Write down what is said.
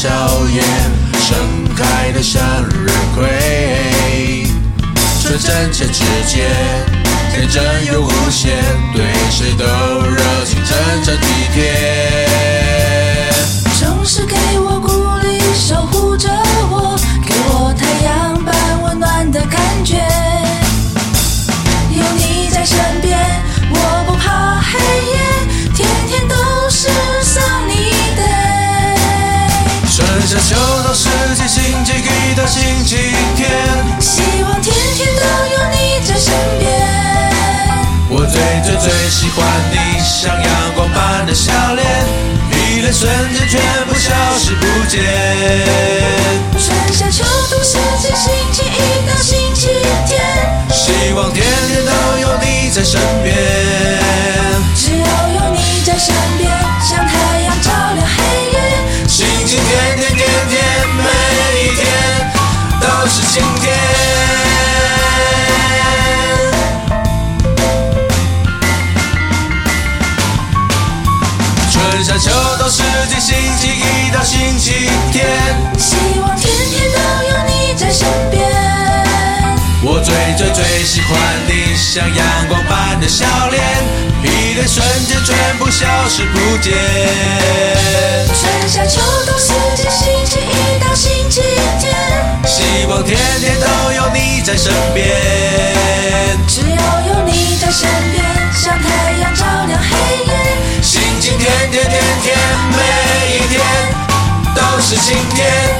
笑靨 盛開的向日葵春前之間，純真且直接，天真又無邪， 對誰都熱情真誠體貼。春夏秋冬四季，四季星期一到星期天，希望天天都有你在身邊。我最最最喜歡你，像陽光般的笑臉，疲累瞬間全部消失不見。春夏秋冬四季，四季星期一到星期天，希望天天都有你在身邊。春夏秋冬四季，星期一到星期天，希望天天都有你在身邊。我最最最喜歡你，像陽光般的笑臉，疲憊瞬間全部消失不見。春夏秋冬四季，星期一到星期天，希望天天都有你在身邊。只要有你在身邊，像太陽。是晴天。